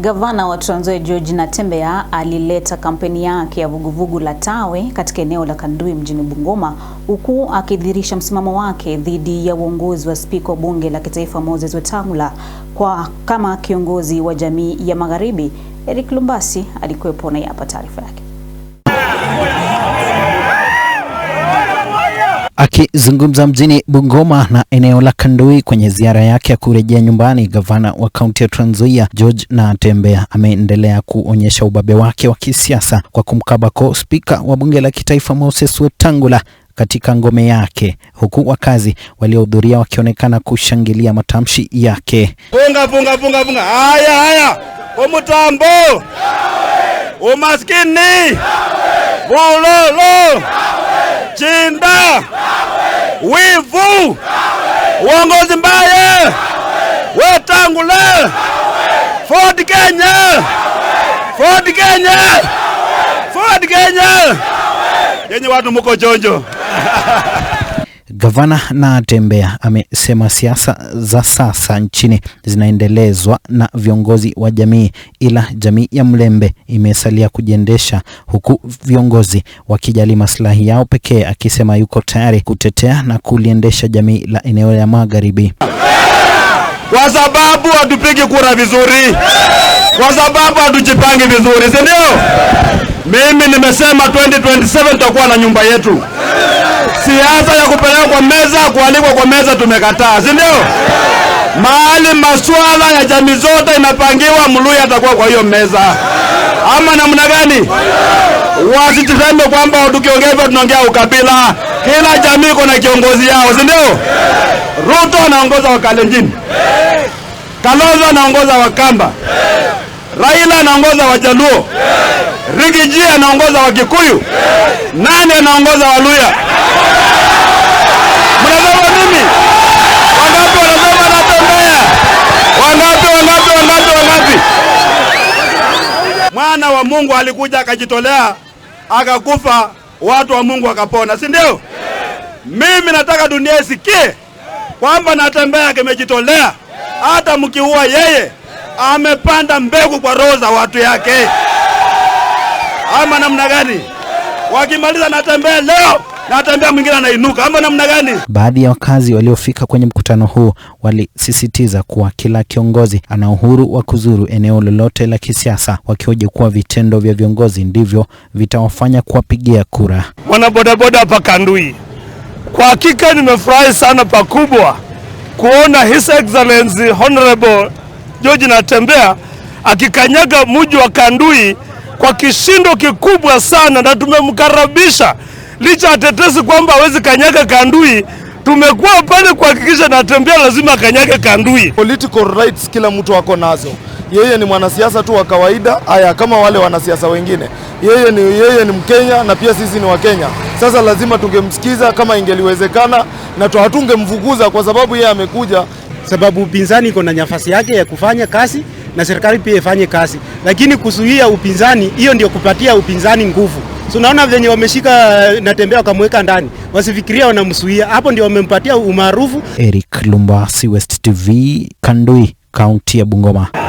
Gavana wa Trans Nzoia George Natembeya alileta kampeni yake ya vuguvugu la Tawe katika eneo la Kandui mjini Bungoma huku akidhihirisha msimamo wake dhidi ya uongozi wa Spika wa Bunge la Kitaifa Moses Wetang'ula kwa kama kiongozi wa jamii ya Magharibi. Eric Lumbasi alikuwepo na hapa taarifa yake. Akizungumza mjini Bungoma na eneo la Kandui kwenye ziara yake ya kurejea nyumbani, gavana wa kaunti ya Trans Nzoia George Natembeya ameendelea kuonyesha ubabe wake wa kisiasa kwa kumkaba ko spika wa bunge la kitaifa Moses Wetangula katika ngome yake, huku wakazi waliohudhuria wakionekana kushangilia matamshi yake. Punga punga punga punga, haya haya, umutambo umaskini bulolo Chinda, wivu, uongozi mbaya, wetangule Ford Kenya, Ford Kenya, Ford Kenya, yenye watu muko chonjo Gavana Natembeya amesema siasa za sasa nchini zinaendelezwa na viongozi wa jamii, ila jamii ya Mlembe imesalia kujiendesha, huku viongozi wakijali maslahi yao pekee, akisema yuko tayari kutetea na kuliendesha jamii la eneo la magharibi kwa sababu hatupigi kura vizuri, kwa sababu hatujipangi vizuri, si ndio? Mimi nimesema 2027 tutakuwa na nyumba yetu. Siasa ya kupelekwa kwa meza, kualikwa kwa meza tumekataa, si ndio? Mahali masuala ya jamii zote inapangiwa, Mluya atakuwa kwa hiyo meza ama namna gani? Wasituseme kwamba tukiongea hivyo tunaongea ukabila. Kila jamii iko na kiongozi yao, si ndio? Ruto anaongoza wa Kalenjin, Kalonzo anaongoza wa kamba Raila anaongoza wa jaluo Rigiji anaongoza Wakikuyu, nani anaongoza Waluya? Mnasema mimi wangapi? Wanasema natembea? wangapi? Wangapi? Wangapi? Wangapi? Mwana wa Mungu alikuja akajitolea, akakufa, watu wa Mungu wakapona si ndio? Mimi nataka dunia isikie kwamba natembea kimejitolea, hata mkiua yeye amepanda mbegu kwa roho za watu yake ama namna gani? Wakimaliza natembea leo natembea mwingine anainuka ama namna gani? Baadhi ya wakazi waliofika kwenye mkutano huu walisisitiza kuwa kila kiongozi ana uhuru wa kuzuru eneo lolote la kisiasa, wakioje kuwa vitendo vya viongozi ndivyo vitawafanya kuwapigia kura. Mwanabodaboda hapa Kandui, kwa hakika nimefurahi sana pakubwa kuona His Excellency Honorable George Natembea akikanyaga mji wa Kandui kwa kishindo kikubwa sana, na tumemkaribisha licha atetesi kwamba hawezi kanyaga kandui. Tumekuwa pale kuhakikisha natembea, lazima akanyage kandui. Political rights kila mtu ako nazo. Yeye ni mwanasiasa tu wa kawaida, haya kama wale wanasiasa wengine. Yeye ni, yeye ni Mkenya na pia sisi ni Wakenya. Sasa lazima tungemsikiza kama ingeliwezekana, na hatungemfukuza kwa sababu yeye amekuja, sababu upinzani iko na nafasi yake ya kufanya kazi na serikali pia ifanye kazi, lakini kuzuia upinzani, hiyo ndio kupatia upinzani nguvu. So naona venye wameshika eh, Natembeya wakamweka ndani, wasifikiria wanamzuia, hapo ndio wamempatia umaarufu. Eric Lumbasi, West TV, Kandui, kaunti ya Bungoma.